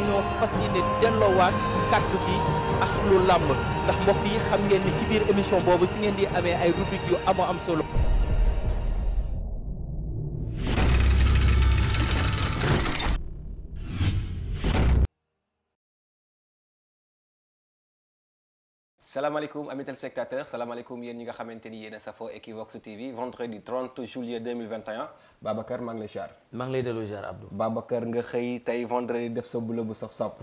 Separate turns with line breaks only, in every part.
dañoo fas
yéene delloowaat kàddu gi ak lu làmb ndax mbokk yi xam ngeen ni ci biir émission boobu si ngeen di amee ay rubrique yu amoo am solo.
salaamaaleykum amis téléspectateurs salaamaaleykum yéen ñi nga xamante ni yéen a safoo Equivox TV vendredi 30 juillet 2021. Babacar
maa ngi lay ziar. maa lay delloo ziar Abdou. Babacar nga xëy tey vendredi def sa bula bu saf saf.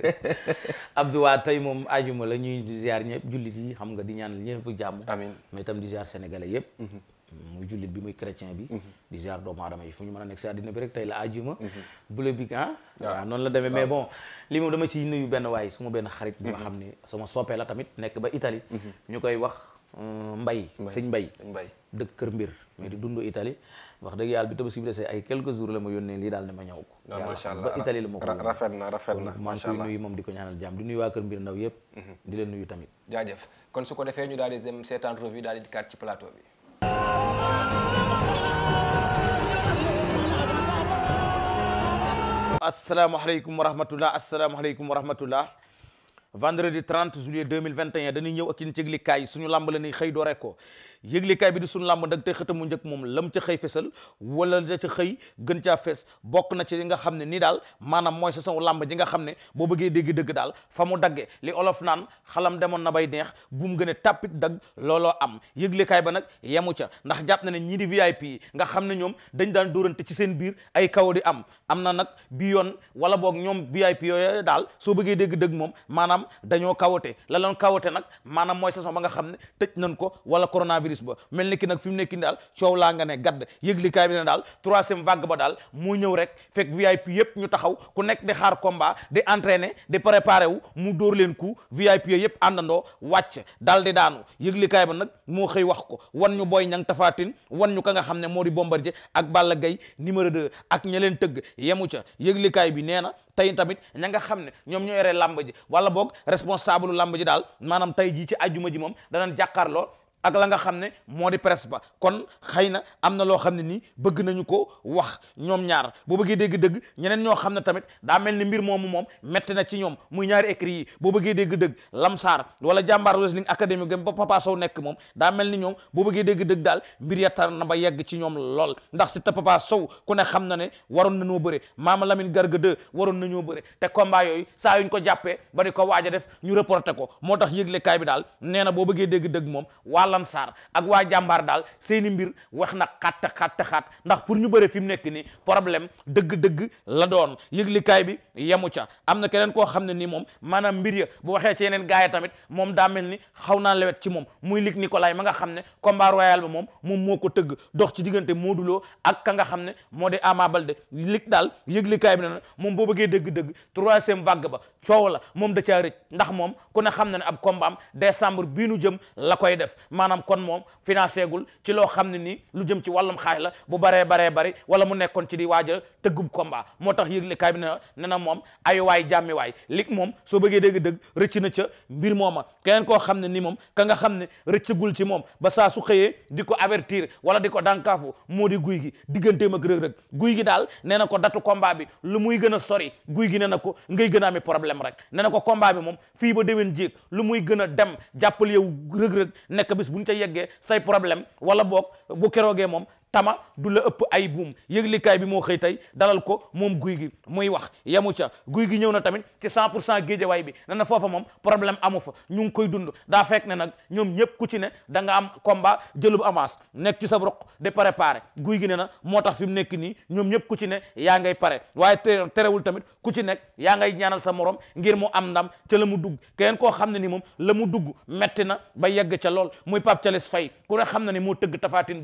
Abdou waa tey moom ajuma la ñuy di ziar ñëpp jullit yi xam nga di ñaan ñaanal ñëpp jàmm. amiin mais itam di ziar sénégalais yëpp. Mhm. muy jullit bi muy chrétien bi. Mhm. di doomu aadama yi fu mën a nekk si àddina bi tey la ajuma. Mhm. bula bi ah. waaw noonu la demee mais bon li moom dama ciy nuyu benn waay suma benn xarit. bi ma xam ne sama soppee la tamit nekk ba Italie. ñu koy wax euh, Mbay sëñ Mbay. Mbay dëkk Kër Mbir mais di dund itali wax dëgg yàlla bi tabaski bi ay quelques jours la ma yónnee lii daal ne ma ñëw ko ah, allah ba Italie la ma ko rafet na rafet na macha allah maa koy nuyu moom di ko ñaanal jàmm di nuyu waa kër mbir ndaw yëpp mhm. di leen nuyu tamit
jaajëf kon su ko defee ñu daal di dem seetaan revue daal di dikkaat ci plateau bi
asalaamaaleykum wa rahmatullah asalaamaaleykum wa rahmatullah vendredi 30 juillet 2021 ñëw ak yéen ci yëglikaay suñu làmb la ni xëy doore ko yëglikaay bi di sunu làmb nag tey xëtamu njëkk moom lam ca xëy fesal wala da ca xëy gën fees bokk na ci li nga xam ne ni daal maanaam mooy saison làmb ji nga xam ne boo bëggee dégg daal fa mu dagge li naan xalam demoon na bay neex bu mu gën a dagg looloo am yëglikaay ba nag yemu ca ndax jàpp na ne ñii di VIP yi nga xam ne ñoom dañ daan dóorante ci seen biir ay kaw di am am na nag bi yoon wala boog ñoom VIP yooyu daal soo bëggee dégg dëgg moom maanaam dañoo kawote la loon kawote nag maanaam mooy saison ba nga xam ne tëj nañ ko wala coronavirus coronavirus ba mel ni ki nag fi mu nekki ni daal coow laa nga ne gadd yëglikaay bi ne daal troisième vague ba daal mu ñëw rek fekk VIP yëpp ñu taxaw ku nekk di xaar combat di entraîner di préparer mu dóor leen ku VIP yëpp àndandoo wàcc daal di daanu yëglikaay ba nag moo xëy wax ko wan ñu Boy Niang Tapha Tine wan ñu ka nga xam ne moo di Bombardier ak Balla Gaye numéro 2 ak ña leen tëgg yemu ca yëglikaay bi nee na tey tamit ña nga xam ne ñoom ñoo yore làmb ji wala boog responsable làmb ji ak la nga xam ne moo di presse ba kon xëy na am na loo xam ne nii bëgg nañu ko wax ñoom ñaar boo bëggee dégg-dëgg ñeneen ñoo xam ne tamit daa mel ni mbir moomu moom metti na ci ñoom muy ñaari écrits yi boo bëggee dégg-dëgg Lamsaar wala jàmbaar Wrestling Academy gam ba Papa Sow nekk moom daa mel ni ñoom boo bëggee dégg-dëgg daal mbir ya tar na ba yegg ci ñoom lool ndax si ta Papa Sow ku ne xam na ne waroon na nañoo bëre Maama lamin Garga 2 waroon na ñoo bëre te combat yooyu saa yuñ ko jàppee ba di ko waaj a def ñu reporté ko moo tax yëgle kaay bi daal nee na boo bëggee dégg-dëgg moom wàll Lansar ak waa jàmbaar daal seeni mbir wax na xatt xatt xatt ndax pour ñu bëre fi mu nekk ni problème dëgg-dëgg la doon yëglikaay bi yemu ca am na keneen koo xam ne ni moom maanaam mbir ya bu waxee ci yeneen gaay tamit moom da mel ni xaw naa lewet ci moom muy lig Nicolas ma nga xam ne combat royal ba moom moom moo ko tëgg dox ci diggante Modou Lo ak ka nga xam ne moo di Ama Baldé lig daal yëglikaay bi ne na moom boo bëggee dëgg-dëgg troisième vague ba coow la moom da caa rëcc ndax moom ku ne xam na ne ab combat am décembre bii nu jëm la koy def maanaam kon moom financé gul ci loo xam ne nii lu jëm ci wàllum xaalis la bu baree baree bari wala mu nekkoon ci di waaja tëggub combat moo tax yëgle kaay bi ne ne na moom ay waay jàmmi waay moom soo bëggee dégg-dëgg rëcc na ca mbir mooma keneen koo xam ne ni moom ka nga xam ne rëccagul ci moom ba saa su xëyee di ko avertir wala di ko dànkaafu moo di guy gi digganteem ak rëg-rëg guy gi daal nee na ko datu combat bi lu muy gën a sori gi nee na ko problème rek ne na ko combat bi moom fii ba déwén jéeg lu muy gën a dem jàppal yow rëg-rëg nekk bis bu ñu ca yeggee say problème wala boog bu keroogee moom tama du la ëpp ay buum yëglikaay bi moo xëy tey dalal ko moom guy gi muy wax yamu ca guy gi ñëw na tamit ci cent pour cent géejawaay bi ne na foofa moom problème amu fa ñu ngi koy dund daa fekk ne nag ñoom ñëpp ku ci ne da nga am combat jëlub avance nekk ci sa roq de préparé guy gi ne na moo tax fi mu nekk nii ñoom ñëpp ku ci ne yaa ngay pare waaye terewul tamit ku ci nekk yaa ngay ñaanal sa morom ngir mu am ndam ca la mu dugg keneen koo xam ne nii moom la mu dugg metti na ba yegg ca lool muy Pape Thialis Faye ku xam ne moo tëgg tafaatin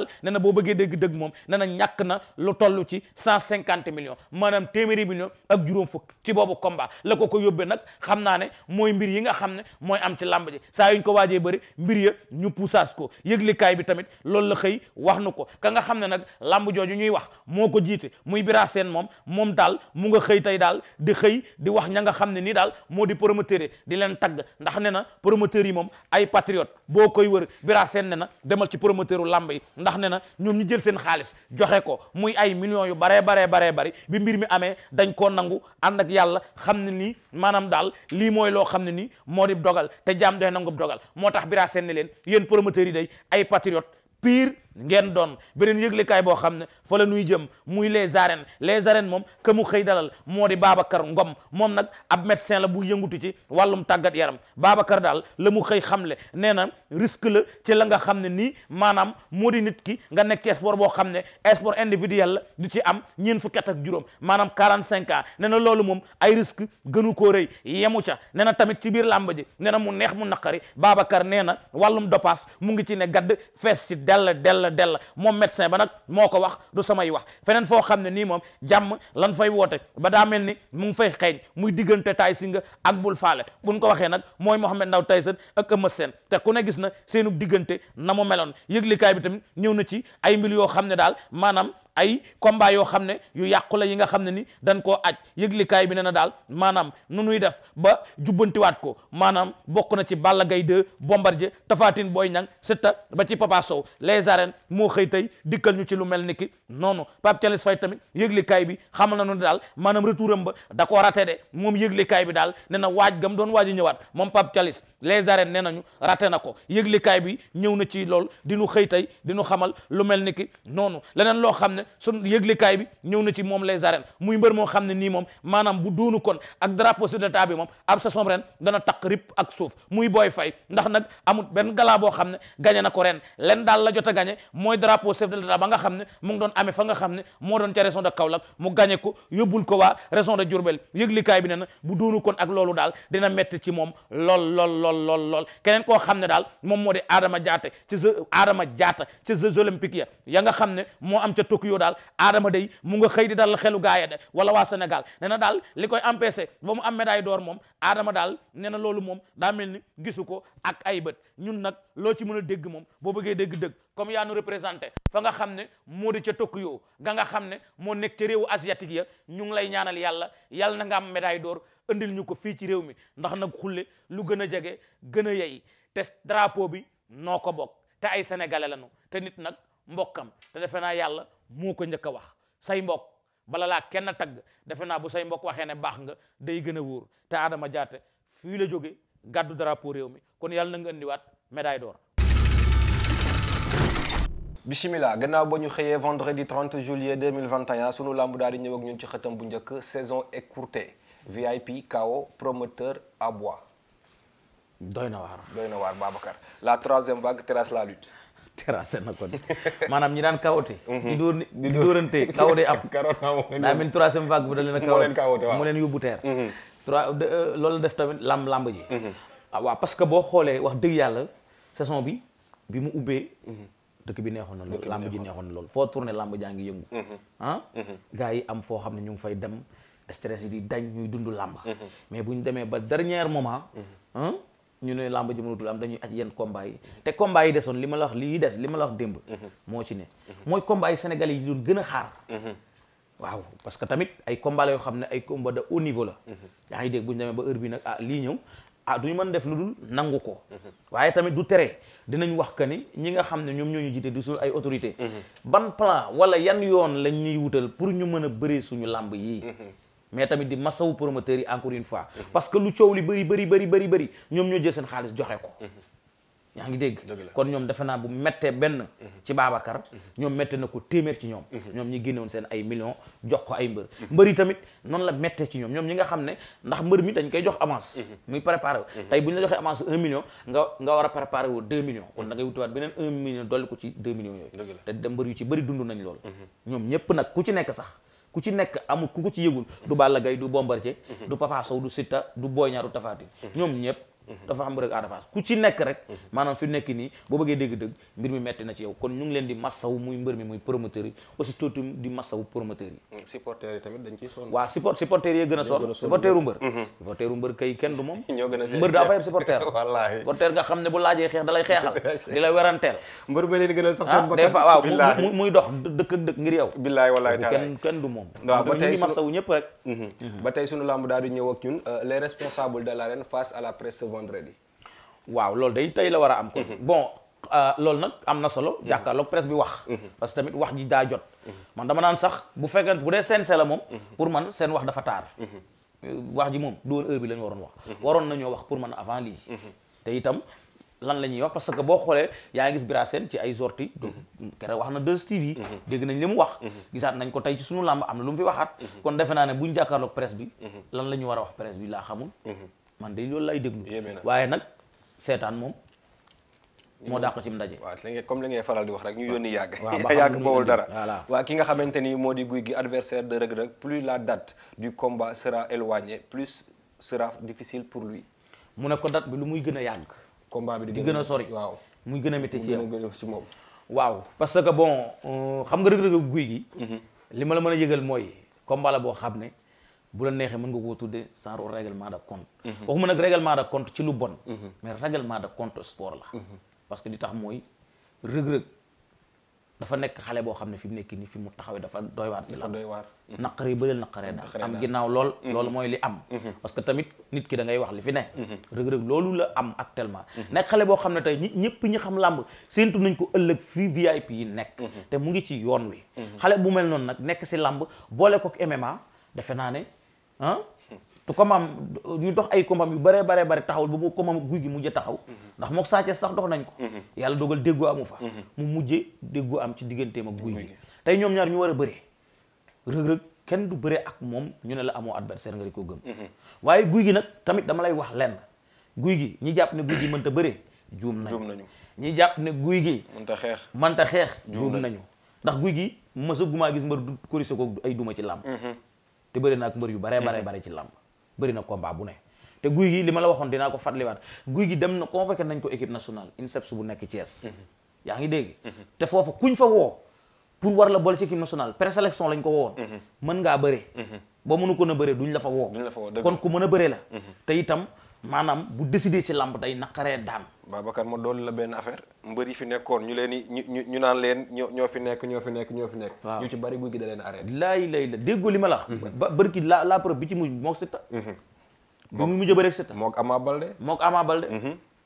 daal nee na boo bëggee dégg-dëgg moom nee na ñàkk na lu tollu ci cent cinquante millions maanaam téeméeri millions ak juróom fukk ci boobu komba la ko ko yóbbee nag xam naa ne mooy mbir yi nga xam ne mooy am ci làmb ji saa yuñ ko waajee bëri mbir ya ñu puusaas ko yëglikaay bi tamit loolu la xëy wax nu ko ka nga xam ne nag làmb jooju ñuy wax moo ko jiite muy Bira Sène moom moom daal mu nga xëy tey daal di xëy di wax ña nga xam ne nii daal moo di promoteur yi di leen tagg ndax ne na promoteur yi moom ay patriote boo koy wër Bira Sène ne demal ci promoteur u làmb yi ndax ne na ñoom ñu jël seen xaalis joxe ko muy ay millions yu baree baree baree bari bi mbir mi amee dañ koo nangu ànd ak yàlla xam ne nii maanaam daal lii mooy loo xam ne nii moo di dogal te jaam doy nangu dogal moo tax bira seen ne leen yéen promoteurs yi day ay patriote pire ngeen doon beneen yëglekaay boo xam ne fa nuy jëm muy les arènes les arènes moom ke mu xëy dalal moo di Babacar Ngom moom nag ab médecin la bu yëngutu ci wàllum tàggat yaram Babacar daal la mu xëy xamle nee na risque la ci la nga xam ne nii maanaam moo di nit ki nga nekk ci sport boo xam ne sport individuel la di ci am ñeent fu at juróom maanaam quarante ans nee na loolu moom ay risque gënu koo rëy yemu ca nee na tamit ci biir làmb ji nee na mu neex mu naqari Babacar nee na wàllum dopas mu ngi ci ne gadd fees ci na dell moom médecin ba nag moo ko wax du samay wax feneen foo xam ne nii moom jàmm lan fay woote ba daa mel ni mu ngi fay xeeñ muy diggante tay singa ak bul faale buñ ko waxee nag mooy Mohamed Ndaw Tyson ak Eumeu Sène te ku ne gis na seenub diggante na mu meloon yëglikaay bi tamit ñëw na ci ay mbir yoo xam ne daal maanaam ay combat yoo xam ne yu yàqu la yi nga xam ne ni dañ koo aj yëglikaay bi ne na daal maanaam nu nuy def ba jubbantiwaat ko maanaam bokk na ci Balla Gaye 2 Bombardier Tapha Tine booy Niang Siteu ba ci Papa Sow les arènes moo xëy tey dikkal ñu ci lu mel ni ki noonu Pape Thialis Faye tamit yëglikaay bi xamal na nu daal maanaam retouram ba da koo raté de moom bi daal ne na waaj gam doon waaj a ñëwaat moom Pape Thialis les arènes nee na ko yëglikaay bi ñëw na ci lool di nu xëy xamal lu mel ni ki noonu leneen loo xam ne sun yëglikaay bi ñëw na ci moom les arènes muy mbër moo xam ne nii moom maanaam bu duunu kon ak drapeau sur le table bi moom ab saison dana taq rip ak suuf muy booy fay ndax nag amut benn galaa boo xam ne gagné na ko ren len daal la jot a gagné mooy drapeau chef de l'État ba nga xam ne mu ngi doon amee fa nga xam ne moo doon ca région de Kaolack mu gagné ko yóbbul ko waa région de Diourbel yëglikaay bi na na bu doonu kon ak loolu daal dina metti ci moom lool lool lool lool keneen koo xam ne daal moom moo di Adama Diatta ci Jeux Adama Diatta ci Jeux olympiques ya ya yow daal aadama day mu nga xëy di dal xelu gaaya de wala waa Sénégal nee na daal li koy empêché ba mu am médaille door moom aadama daal nee na loolu moom daa mel ni gisu ko ak ay bët ñun nag loo ci mën a dégg moom boo bëggee dégg-dëgg comme yaa nu représenté fa nga xam ne moo di ca Tokyo ga nga xam ne moo nekk ca réewu asiatique ya ñu ngi lay ñaanal yàlla yàlla nanga nga am médaille door andil ñu ko fii ci réew mi ndax nag xulle lu gën a jege gën a yey te drapeau bi noo ko bok te ay sénégalais moo ko njëkk a wax say mbokk bala laa kenn tagg defe naa bu say mbokk waxee ne baax nga day gën a wóor te Adama Diaté fii la jóge gàddu drapeau réew mi kon yàlla na nga indiwaat médaille d'or
bisimila gannaaw ba ñu xëyee vendredi 30 juillet 2021 sunu làmb daal di ñëw ak ñun ci xëtam bu njëkk saison écourtée VIP KO promoteur à bois doy na waar doy na waar la troisième vague terrasse la lutte
terrassé na ko de maanaam ñi daan kawote di dóor di dóorante kawote am daa mel ni troisième vague bi leen a kawote leen yóbbu teer mhm. trois euh, loolu def tamit lamb lamb ji mhm. ah parce que boo xoolee wax dëgg yàlla saison bi bi mu ubbee mhm. dëkk bi neexoon na na loolu foo tourné lamb jaa ngi yëngu ah gars yi am foo xam ne ñu ngi fay dem stress yi di dañ ñuy dund làmb mais bu ñu demee ba dernier moment ñu ne làmb ji mënatul am dañuy aj yenn combat yi te combat yi desoon li ma la wax lii des li ma la wax démb moo ci ne mooy combat yi sénégalais yi doon gën a xaar waaw parce que tamit ay combat yoo xam ne ay combat de haut niveau la yaa ngi dégg bu ñu ba heure bi nag ah lii ñëw ah du ñu mën def lu dul nangu ko waaye tamit du tere dinañ wax que ni ñi nga xam ne ñoom ñoo ñu jiite du suñu ay autorité ban plan wala yan yoon lañ ñuy wutal pour ñu mën a bëree suñu làmb yii mais tamit di masawu promoteurs yi encore une fois parce que lu coow li bëri bëri bëri bëri bëri ñoom ñoo jël seen xaalis joxe ko yaa ngi dégg kon ñoom defe naa bu mettee benn ci Babacar ñoom mette na ko téeméer ci ñoom mhm. ñoom ñi génnewoon seen ay millions jox ko ay mbër mbër tamit noonu la mettee ci ñoom ñoom ñi nga xam ne ndax mbër mi dañ koy jox avance mhm. muy préparé wu mhm. tey bu ñu la joxee avance un million nga nga war a préparé wu deux millions kon da ngay wutiwaat beneen un million dolli ko ci deux millions yooyu te da mbër yu ci bëri dund nañ loolu ñoom ñëpp nag ku ci nekk sax ku ci nekk amul ku ko ci yëgul du Balla gay du Bombardier du Papa Sow du Siteu du Boy Niang du Tapha Tine mm-hmm. ñoom ñëpp dafa xam rek Ada Fass ku ci nekk rek maanaam fi nekk nii boo bëggee dégg-dëgg mbir mi metti na ci yow kon ñu leen di massaw muy mbër mi muy promoteur yi aussi di massaw promoteur yi
mm, waaw
support a mm-hmm. nga xam ne bu laajee xeex da xeexal di la weranteel mbër ba leen gënal sax ah, seen bopp des muy dox dëkk ak
dëkk ngir yow billaahi wallaahi taala kenn
kenn du moom waaw ba tey massaw ñëpp rek mm-hmm. ba
tey sunu ak ñun euh, les responsables
de l'arène face vendredi waaw loolu day tey la war a am kon mhm. bon euh, loolu nag am na solo mhm. jàkkaarloog presse bi wax mhm. parce que tamit wax ji daa jot man dama naan sax bu fekkee bu dee seen la moom pour man seen wax dafa taar euh, wax ji moom doon heure bi la ñu waroon wax waroon nañoo wax pour man avant lii te itam lan la wax parce que boo xoolee yaa ngi gis Bira Sène ci ay sorties donc keroog wax na 2STV dégg nañ li mu wax gisaat nañ ko tey ci sunu làmb am na lu mu fi waxaat kon a man de loolu lay déglu. waaye nag seetaan moom. moo ko ci ndaje. waaw li ngeen
comme li ngay faral di wax rek ñu
yónni yàgg. yàgg bawul dara
waaw ki nga xamante ni moo di guy gi adversaire de Reug Reug plus la date du combat sera éloignée plus sera difficile pour lui.
mu ne ko date bi lu muy gën a yàgg. combat bi di gën a sori waaw. muy gën a métti ci yow ci moom. waaw parce que bon euh, xam nga Reug Reug guy gi. Mhm. li ma la mën a yëgal mooy combat la boo xam ne. bu la neexee mën nga koo tudde saaru règlement de compte mhm. waxuma nag règlement de compte ci lu bon mhm. mais règlement de compte sport la mhm. parce que di tax mooy rëg-rëg dafa nekk xale boo xam ne fi mu nekk nii fi mu taxawee dafa doy waar dafa doy waar naqaree ba leen naqaree daal am ginnaaw lool loolu mooy li am parce que tamit nit ki da ngay wax li fi ne rëg-rëg loolu la am actuellement nekk xale boo xam ne tey ñi ñëpp ñi xam làmb séentu nañ ko ëllëg fii VIP yi nekk te mu ngi ci yoon wi xale bu mel noonu nag nekk si làmb boole ko MMA defe naa ne ah te kombaam ñu dox ay kombaam yu bare bare bare taxawul ba bu kombaam guy gi mujj taxaw ndax mook Sa sax dox nañ ko yàlla dogal déggoo amu fa mu mujje déggu am ci digganteem ak guy gi tey ñoom ñaar ñu war a bëree kenn du bëree ak moom ñu ne la amoo adversaire nga ko gëm mhm. waaye guy gi nag tamit dama lay wax lenn guy gi ñi jàpp ne guy gi mënta bëree juum nañu ñi jàpp ne guy gi mënta xeex mënta xeex juum nañu ndax guy gi mësa gumaa gis mbër du korise ko ay duma ci làmb mhm. te bëri na ak mbër yu bare bare mm-hmm. bare ci làmb bëri na combat bu ne te guy gi li ma la waxoon dinaa ko fàttaliwaat guy gi dem na convoqué nañ ko équipe nationale INSEPS bu nekk Thiès mm-hmm. yaa ngi dégg mm-hmm. te foofu kuñ fa woo pour war la boole ci équipe nationale présélection lañ ko woon mën ngaa bëre ba mënu ko na bëre duñ la fa woo kon ku mën a bëre la te itam maanaam bu décidé ci làmb day naqaree daan. Babacar ma dool la benn affaire
mbër yi fi nekkoon ñu leen ñu ñu ñu naan leen ñoo ñoo fi nekk ñoo fi nekk ñoo fi nekk.
waaw ñu ci bari leen arrêté. laay lay la déggoo li ma la wax. Mhm. ba bërki la la preuve bi ci mujj moog Siteu. Mhm. bi mu mujj ba rek Siteu. moog Ama Baldé.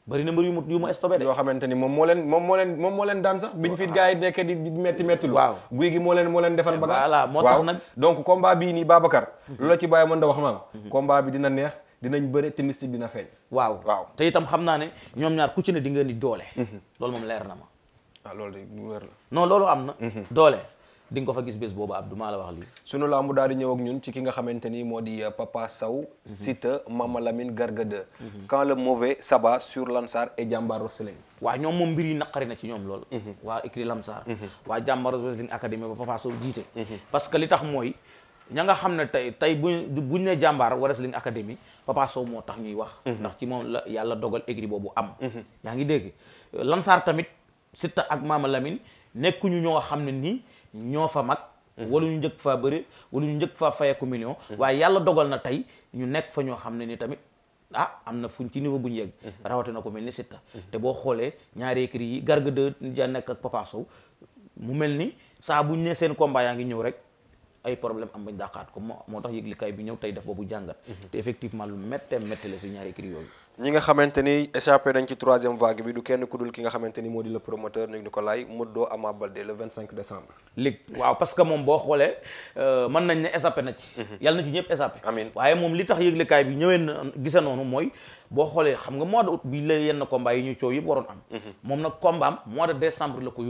bari mhm. na mbër yu ma yu ma stoppé
de. yoo xamante ni moom moo leen moom moo leen moom moo leen daan sax. biñ fi gars yi nekkee di metti metti waaw guy gi moo leen moo leen defal bagage. voilà moo tax nag donc combat bii nii Babacar. lu la ci bàyyi mën da
bi dina neex dinañ bëre te mystique dina feeñ. waaw waaw te itam xam naa ne ñoom ñaar ku ci ne di ngeen di doole. Mhm. loolu moom leer na ma. ah loolu loolu am na. Mhm. doole. di nga ko fa gis bés boobu Abdou maa la wax lii.
sunu làmb daal di ñëw ak ñun ci ki nga xamante ni moo di euh, Papa Sow. Mhm. Siteu Mama Lamine Garga 2. quand le mauvais s'abat sur Lansar et Jambar Wrestling.
waaw ñoom moom mbir yi naqari na ci ñoom lool. waa écrit Lansar. waa Jambar Wrestling Academy ba Papa Sow jiite. parce que li tax ña nga xam ne tey tey bu buñ ne jàmbaar Wrestling Academy Papa Sow moo tax ñuy wax. Mhm. ndax ci moom la yàlla dogal écrit boobu am. Mhm. yaa ngi dégg Lansar tamit Siteu ak Mama Lamine nekkuñu ñoo xam ne nii ñoo fa mag. wala ñu njëkk fa bëri wala ñu njëkk faa fayeku million. Mhm. waaye yàlla dogal na tey ñu nekk fa ñoo xam ne ni tamit ah am na fuñ ci niveau bu ñu yegg. rawatina ko mel ni Siteu. te boo xoolee ñaari écrit yi Garga 2 ja nekk ak Papa mu mel ni saa buñ ne seen combat yaa ngi ñëw rek. ay problème am bañ daqaat ko moo tax yëglikaay bi ñëw tey def boobu jàngat mhm. te effectivement lu méttee métti la si ñaari kii yooyu
ñi nga xamante ni nañ ci troisième vague bi du kenn
ku ki nga xamante moo di le promoteur ni ko lay Modou Lo Ama Baldé le 25 décembre léegi waaw parce que moom boo xoolee euh, mën nañ ne échappé na ci mhm. yàlla na ci ñëpp échappé amiin waaye moom li tax yëglikaay bi ñëwee na gise noonu mooy boo xoolee xam nga mois de août bi la yenn mhm. combat mois de décembre la ko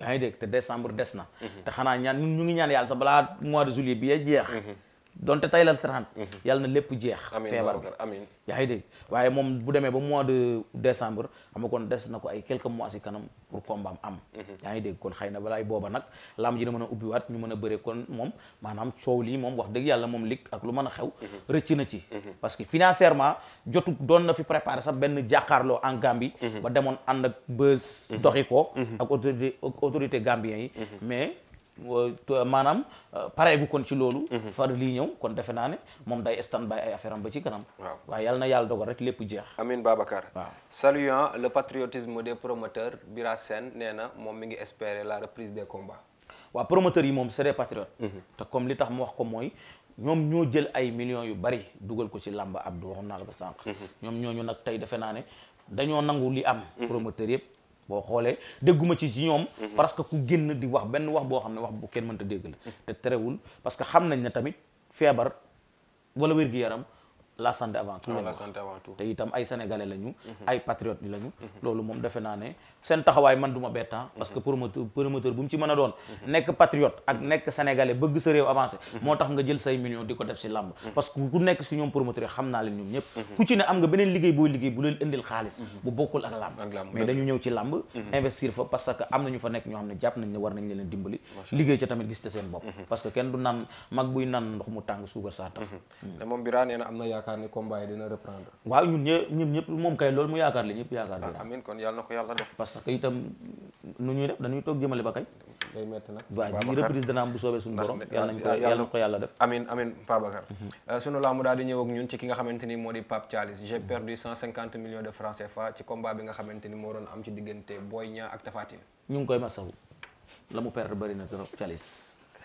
yaa ngi dégg te décembre des na mhm. te xanaa ñaan ñun ñu ngi ñaan yàlla sa balaa mois de juillet bi ya jeex mhm. donte tay la 30 mhm. yàlla na lépp jeex feebar bi amiin yaa ngi dégg waaye moom bu demee ba mois de décembre am nga kon des na ko ay quelques mois si kanam pour combat am yaa ngi dégg kon xay na balaay booba nag lamb ji na mën a ubbiwaat ñu mën a bëre kon moom maanaam coow lii moom wax dëgg yàlla moom lig ak lu mën a xew rëcc na ci parce que financièrement jotu doon na fi préparé sa benn jàkkaarloo en gambi mhm. ba demoon ànd ak bës. Mhm. doxi ko. Mhm. ak autorité autorité gambien yi. mais euh, euh, maanaam euh, pareegu kon ci loolu. far lii ñëw kon defe naa ne moom day stand by ay affaire ba ci kanam. waaw waaye yàlla na yàlla dogal rek lépp jeex. Amin Babacar. waaw
saluant le patriotisme des promoteurs Bira Sène nee na moom mi ngi espérer la reprise des combats.
waaw promoteurs yi moom c'est des patriotes. te comme li tax mu wax ko mooy ñoom ñoo jël ay millions yu bari dugal ko ci làmb Abdou waxoon naa ko sànq. Mm-hmm. ñoom ñooñu nag tey defe naa ne dañoo nangu li am. Mm-hmm. promoteur yëpp boo xoolee dégguma ci ci ñoom. Mm-hmm. parce que ku génn di wax benn wax boo xam ne wax bu kenn mënta dégg la. te terewul parce que xam nañ ne tamit feebar wala wér-gu-yaram. la santé avant tout ah, la santé avant tout te itam ay sénégalais lañu mhm. ay patriotes lañu mhm. loolu moom defe naa ne seen taxawaay man duma bett ah, parce que mhm. promoteur bu mu ci mën a doon nekk patriote ak nekk sénégalais bëgg sa réew avancé moo tax nga jël say millions di ko def si làmb parce que ku nekk si ñoom promoteur yi xam naa leen ñoom ñëpp ku ci ne am nga beneen liggéey booy liggéey bu leen indil xaalis bu bokkul ak làmb mais dañu ñëw ci làmb investir fa parce yaakaar waaw ñun ñëpp ñëpp moom kay loolu mu yaakaar li ñëpp yaakaar li ah, amin kon na ko yàlla def parce que itam nu ñuy def dañuy toog jëmale ba kañ day metti reprise dana am bu soobee suñu borom yàlla nañ ko ko yàlla def
amin amin Babacar mhm. euh, sunu laamu daal di ñëw ñun ci ki nga xamante moo di Pape Thialis j'ai perdu cent de francs CFA ci combat bi nga xamante moo doon am ci diggante Boy Niang
ak Tapha ñu ngi koy masawu la mu perdre bëri na trop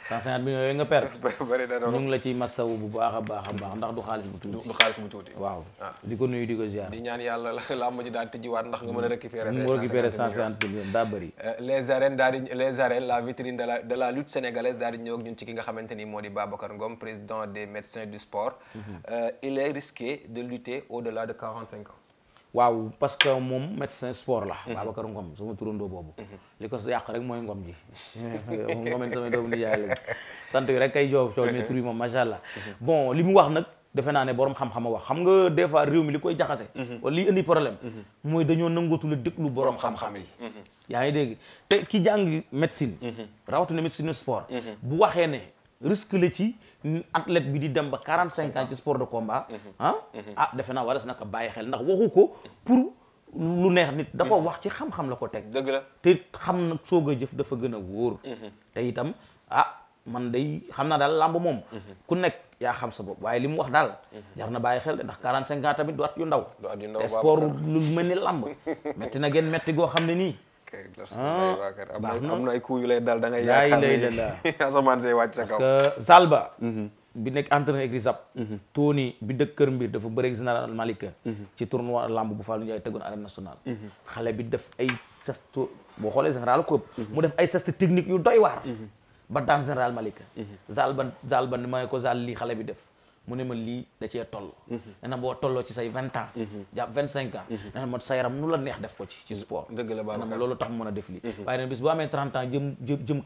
cent cinquante millions yooyu nga perte bëri na la ciy massawu bu baax a baax a baax ndax du xaalis bu tuuti du xaalis bu tuuti waaw ah. di ko nuyu di ko ziar
yàlla làmb ji daal tëjiwaat ndax nga mën a récupérer mu récupérer cent cinquante millions daa bëri euh, les arènes daal di les arènes la vitrine de lutte sénégalaise daal di ñëw ñun ci ki nga xamante ni moo di Babacar Ngom président des médecins du sport mm-hmm. euh, il est risqué de lutter au-delà de quarante cinq ans
waaw parce que moom médecin sport la mhm. Babacar Ngom sama turandoo boobu mhm. li ko yàq rek mooy ngom ji ngomen sama sant yi rek ay joob coow mais mhm. tur yi moom macha allah bon li mu wax nag defe naa ne borom xam-xam a wax xam nga des fois réew mi li koy jaxase wala liy indi problème mooy dañoo nangatule lu boroom xam-xam yi yaa ngi dégg te ki jàng médecine rawatina médecine sport bu waxee ne risque la ci athlète bi di dem ba quarante cinq ans ci sport de combat mhm. ah mhm. ah defe naa waras naka bàyyi xel ndax waxu ko pour lu neex nit da mhm. wax ci xam-xam la ko teg dëgg la te xam nag soog a jëf dafa gën a wóor te itam ah man day xam naa daal làmb moom ku nekk yaa xam sa bopp waaye li mu wax daal jar na bàyyi xel de ndax quarante cinq ans tamit du at yu ndaw du at yu ndaw sport lu mel làmb metti na gen metti goo xam ne nii Ah, baax na am
na ay coups yu lay dal da ngay yaakaar ne asamaan see wàcc sa kaw. parce
que Salba. Mhm. bi nekk entraîneur écrit sap mhm. Tony bi dëkk Kër Mbir dafa bëre général Malika mhm. ci tournoi lamb bu Fallou Ndiaye tegoon arène nationale xale bi def ay geste boo xoolee général Koop mu def ay geste technique yu doy waar ba daan général Malika zal ba ni ma ko zal lii xale bi def mu ne ma lii da cee toll mhm. nee boo tolloo ci say vingt ans mhm. jàpp vingt cinq ans mhm. nee na sa yaram nu la neex def ko ci ci sport dëgg la nee na ma loolu tax mu mën a def lii waaye nag bis boo amee trente ans jëm jëm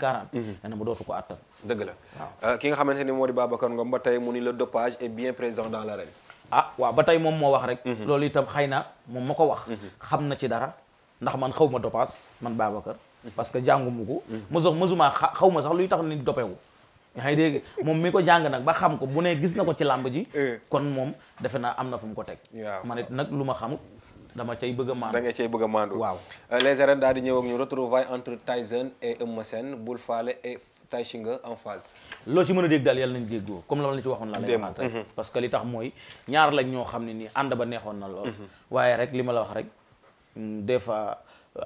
na la
waaw euh, ki nga xamante ni moo di Babacar Ngom ba tey mu ni le dopage est bien présent dans l'arène
ah waaw ba tey moom moo wax rek loolu itam xëy na moom ma ko wax xam na ci dara ndax man xaw ma dopage man Babacar parce que jàngu mu ko mosoo mosuma xaw ma sax luy tax nit dopewu yaa ngi moom mi ko jàng nag ba xam ko bu ne gis na ko ci làmb ji eh. kon moom defe naa am na fu mu ko teg man it nag lu ma xamut dama cay bëgg a maandu da
nga bëgg a maandu waaw euh, les arènes daal di ñëw ak ñu retrouvailles entre Tyson et Eumeu Sène Boul Falé et Tay
en phase loo ci mën a dégg daal yàlla nañ déggoo comme la la ci waxoon laa lay waxaat mhm. parce que li tax mooy ñaar lañ ñoo xam ne nii ànd ba neexoon na lool mhm. waaye rek li ma la wax rek des fois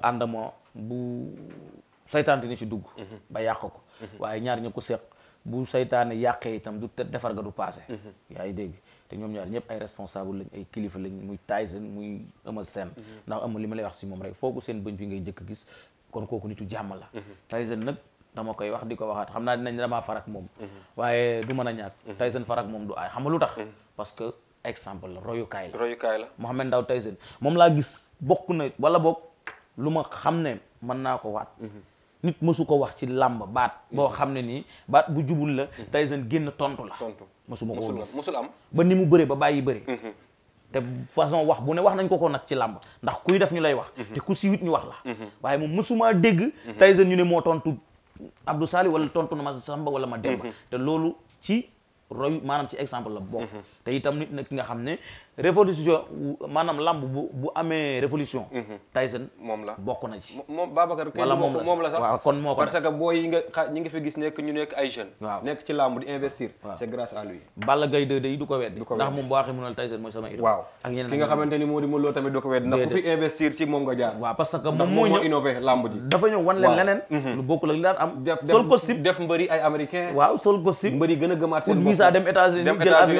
ànd moo bu saytaante ni ci dugg mhm. ba yàq ko waaye ñaar ñu ko seq bu saytaane yàqee itam du defar ga du passé mhm. yaa dégg te ñoom ñaar ñëpp ay responsable lañ ay kilifa lañ muy Tyson muy Eumeu Sène mhm. ndax Eumeu li ma lay wax si moom rek foogu seen bëñ fi ngay njëkk gis kon kooku nitu jàmm la mhm. Tyson nag dama koy wax di ko waxaat xam naa dinañ damaa farak moom waaye du mën a ñàkk Tyson farak moom du aay xam nga lu tax parce que exemple la royukaay la royukaay la Mohamed Ndao Tyson moom laa gis bokk na wala bokk lu ma xam ne mën naa ko waat nit mësu ko wax ci làmb baat boo xam ne nii baat bu jubul la Tyson génn tontu la tontu ma ko gis mësul am ba ni mu bëre ba bàyyi bëre mhm. te façon wax bu ne wax nañ ko ko nag ci làmb ndax kuy def ñu lay wax mhm. te ku siwit ñu wax la mhm. waaye moom mësumaa dégg Tyson ñu ne moo tontu Abdou Sali wala tontu na ma Samba wala ma Demba te loolu ci roy maanaam ci exemple la bokk te itam nit nag ki nga xam ne révolution maanaam lamb bu bu amee révolution. Mhm. Tyson moom la bokk na ci.
moom moom la sax kon moo ko parce que ay jeunes. waaw nekk
ko weddi. ndax moom boo waxee mu ne moom nga mhm. def sol ay américain. waaw sol ko sip mbëri gën a gëmaat seen bopp visa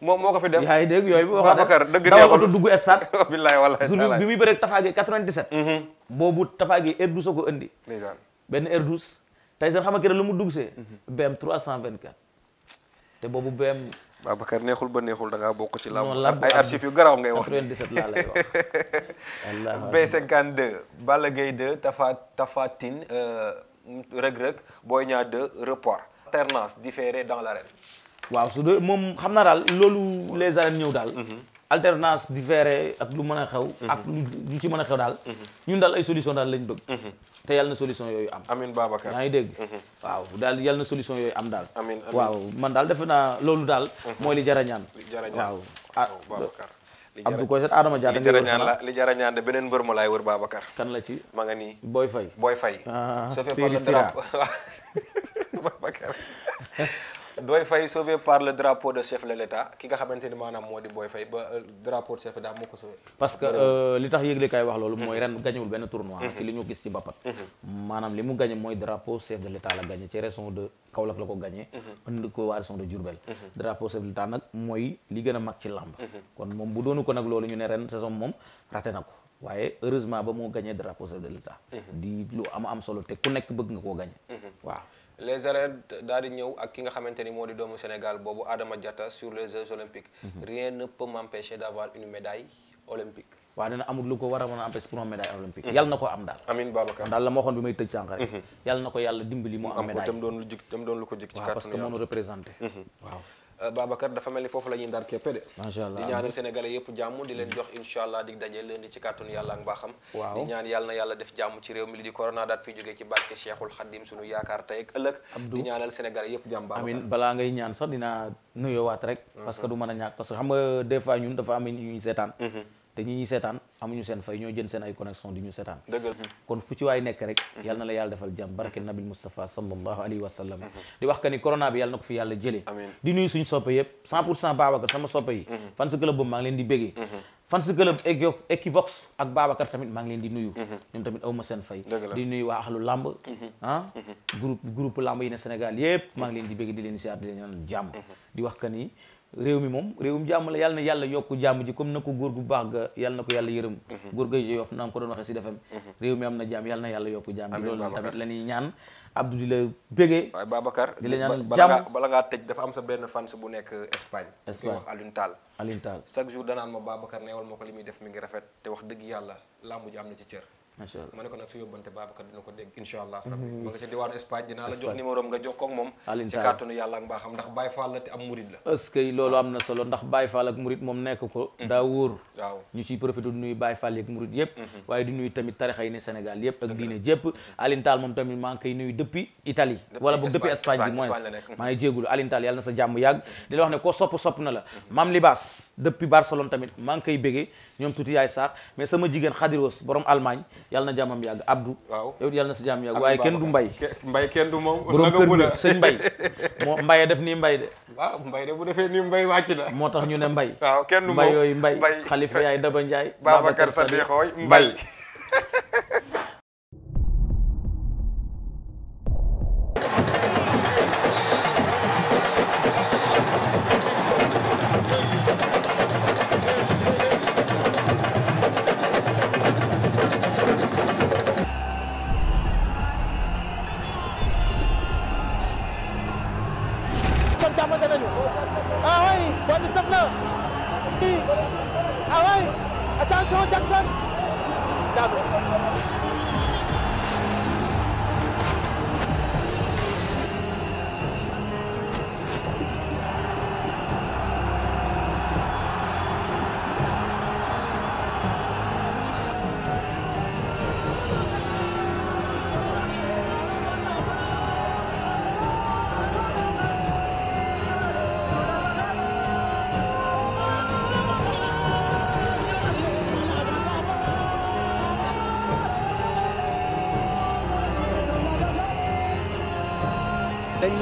moo ko fi def yaa ngi yooyu bi Babacar dëgg neexul dawal oto dugg stade billahi wallahi jour bi muy bëre Tafaage 97 boobu Tafaage air douce a ko indi benn air douce tey xamake ne lu mu dugg see BM mhm. 324 te boobu BM
Babacar neexul ba neexul da ngaa bokk ci lamb ay archives yu garaaw ngay wax 97 laa lay wax B52 Balla Gaye 2 Tafa Tafa Tine euh, Reug Reug Boy Niang
report alternance différée dans l'arène waaw su dee moom xam naa daal loolu les arènes ñëw daal. Mhm. alternance différée ak lu mën a xew. Mhm. ak lu ci mën a xew daal. Mhm. ñun daal ay solution daal lañ bëgg. te yàlla na solution yooyu am. amiin Babacar yaa ngi dégg. waaw daal yàlla na solution yooyu am daal. amiin amiin waaw man daal defe naa loolu daal. mooy li jar li jar a ñaan waaw ah, Babacar. li jar Abdou Koyset Adama Diatta li jar a ñaan la
li jar ñaan de beneen mbër ma laay wër Babacar. kan la ci ma nga nii. Boy Faye Boy Faye. ah Siri Sira Babacar. Boy Faye sauvé par le drapeau de chef de l'État ki nga xamante ni maanaam moo di Boy Faye ba euh, drapeau de chef de l'État moo ko
parce que euh, li tax yëgle kay wax loolu mooy ren gañewul benn tournoi mhm. ci li ñu gis ci bappat mhm. maanaam li mu gañe mooy drapeau chef de la gañe ci région de Kaolack la ko gañe andi mhm. ko waa région de Diourbel drapeau chef de l'État nag mooy li gën a mag ci làmb kon moom bu doonu ko nag loolu ñu ne ren saison moom raté na ko waaye heureusement ba moo gañee drapeau de l'État di lu am am solo te ku nekk bëgg nga koo gañe waaw
les arènes daal di ñëw ak ki nga xamante ni moo di doomu Sénégal boobu aadama Diatta sur les Jeux olympiques. Mhm. rien ne peut m'empêcher d'avoir une médaille olympique.
waaw dina amul lu ko war a mën a empêcher pour ma olympique. Mhm. yàlla na ko am daal.
amiin Babacar daal la
ma waxoon bi may tëj sànq rek. Mhm. na ko yàlla dimbali mu am médaille mu
doon lu ko jik ci kàttanu yàlla waaw parce que représenté. waaw. Euh, Babacar dafa mel ni foofu la ñuy ndar képp de.
macha allah di ñaanal
sénégalais yëpp jàmm di leen jox incha allah di daje leen di ci kàttanu yàlla ak mbaaxam. di ñaan yàlla def jàmm ci réew mi li di corona daat fi jógee ci barke Cheikhul Khadim sunu yaakaar tey ëllëg. di ñaanal sénégalais yëpp jàmm baax
balaa ngay ñaan sax dinaa nuyoowaat rek. parce que mm-hmm. du mën a ñàkk parce que xam nga des ñun dafa am ñu seetaan. Mm-hmm. te ñi ñuy seetaan amuñu seen fay ñoo jën seen ay connexion di ñu seetaan kon fu ci waay nekk rek yal na la yàlla defal jàmm barke nabil Mustafa sallallahu alayhi wa di wax ka ni corona bi yàlla na ko fi yàlla jëlee di nuyu suñ soppe yëpp cent pour cent Babacar sama soppe yi mhm. fan sa club leen di béggee mhm. fan sa club Equivox ak Babacar tamit maa ngi leen di nuyu mhm. ñoom tamit awma seen fay di nuyu waa axlu lamb ah groupe groupe lamb yi ne Sénégal yëpp maa ngi leen di bégge di leen siyaar di leen réew mi moom réewum jàmm la yàlla yàlla yokk jàmm ji comme na ko góor gu baax ga yàlla na ko yàlla yërëm mhm. góor ga yof naam ko doon waxee si defam mhm. réew mi am na jàmm yàlla na yàlla yokk jàmm ji loolu tamit la ñuy ñaan Abdou di la bégee waaye Babacar
bala ngaa tëj dafa am sa benn fans bu nekk Espagne ki wax Alioune Tall Alioune Tall chaque jour danaan ma Babacar neewal ma ko li muy def mi ngi rafet te wax dëgg yàlla làmb ji am na ci cër macha allah ma ne ko nag su yóbbante Babacar dina ko dégg incha allah mm-hmm. rabbi ma nga ca diwaanu Espagne dinaa la jox numéro am nga jox koog moom ci kàttanu yàlla la te am murid la
est loolu am na solo ndax Baye Fall ak murid moom nekk ko mm-hmm. daa wóor waaw ñu ciy profité di nuyu Baye Fall yeeg murid yépp mm-hmm. waaye di nuyu tamit tarixa yi ne yépp ak diine jépp alintaal moom tamit maa ngi koy nuyu depuis Italie wala boog depuis Espagne moins maa ngi jéegulu alintaal yàlla na sa jàmm yàgg ñoom tuuti yaay saax mais sama jigéen xadiros borom Allemagne yàlla na jàmmam yàgg Abdou waaw yow yàlla na sa jàmm yàgg waaye kenn du mbay mbay kenn du moom borom kër gi sëñ mbay moo mbaye def nii mbay de waaw mbay de bu defee nii mbay wàcc na moo tax ñu ne mbay waaw kenn du mbay yooyu mbay xalifa yaay daba njaay Babacar
Sadikh mbay